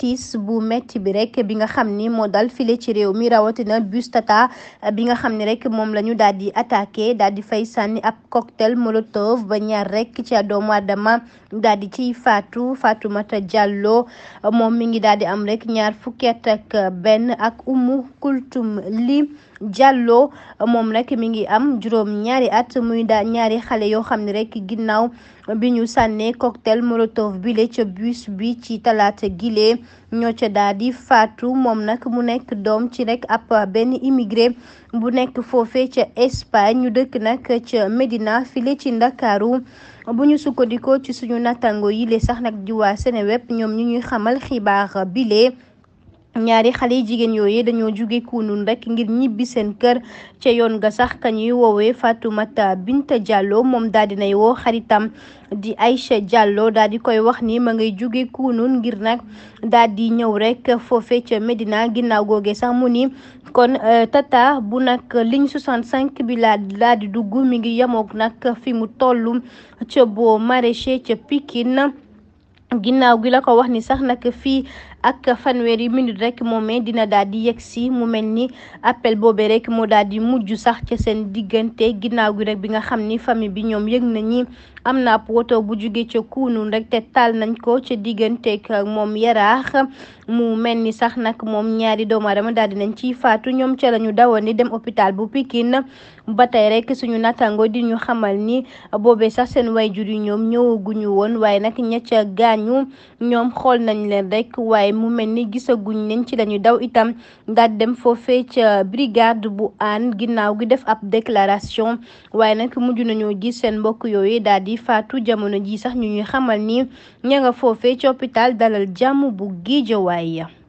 tiis bu metti bi rekk bi nga xam ni moo dal file ci réew mi rawatina bus tata bi nga xam ni rek moom lañu ñu daal di attaqué daal di fay sànni ab cocktail molotov ba ñaar rekk ci doomu aadama daal di ciy faatu Fatoumata Diallo moom mi ngi daal di am rek ñaar fukki at ak benn ak Umu Kultum Li Diallo moom rek mi ngi am juróom ñaari at muy daa ñaari xale yoo xam ne rek ginnaaw bi ñu sànnee cocktail molotov bile ca bus bi ci talaata gile ñoo ca daal di faatu moom nag mu nekk doom ci rekk ab benn immigré bu nekk foofee ca Espagne ñu dëkk nag ca Medina file ci Ndakaaru bu ñu sukkandikoo ci suñu nattango yi le sax nag di waa Seneweb ñoom ñu ñuy xamal xibaar bile. ñaari xale yi jigéen yooyu dañoo jóge nun rek ngir ñibbi seen kër ca yoon nga sax ka ñuy woowee Fatoumata Binta Diallo moom daal di nay woo xaritam di Aïcha Diallo daal di koy wax ni ma ngay jóge Kounoune ngir nag daal di ñëw rek foofe ca Medina ginnaaw googe sax mu ni kon euh, tata bu nag ligne 65 bi laa laa di dugg mi ngi yemoog nag fi mu tollu ca boo maraîcher ca Pikine ginnaaw gi la ko wax ni sax nag fii ak fanweeri minute rek moomee dina daal di yegg si mu mel ni appel boobe rek moo daal di mujj sax ca seen diggante ginnaaw gi rek bi nga xam ni famille bi ñoom yëg na ñi am na ab woto bu jugee ca Kounoune rek te taal nañ ko ca digganteeg moom yaraax mu mel ni sax nag moom ñaari doomu aadama daal di nañ ciy faatu ñoom ca la ñu dawoon ni dem hôpital bu Pikine ba tey rek suñu natango di ñu xamal ni boobe sax seen wayjur yi ñoom ñëwaguñu woon waaye nag ña ca gaañu ñoom xool nañ leen rek waaye mu mel ni gisaguñ leen ci lañu daw itam daal dem foofee ca brigade bu aan ginnaaw gi def ab déclaration waaye nag mujj nañoo gis seen mbokk yooyu daal di faatu jamono ji sax ñu ñuy xamal ni ña nga foofee ci hôpital dalal jàmm bu Guédiawaye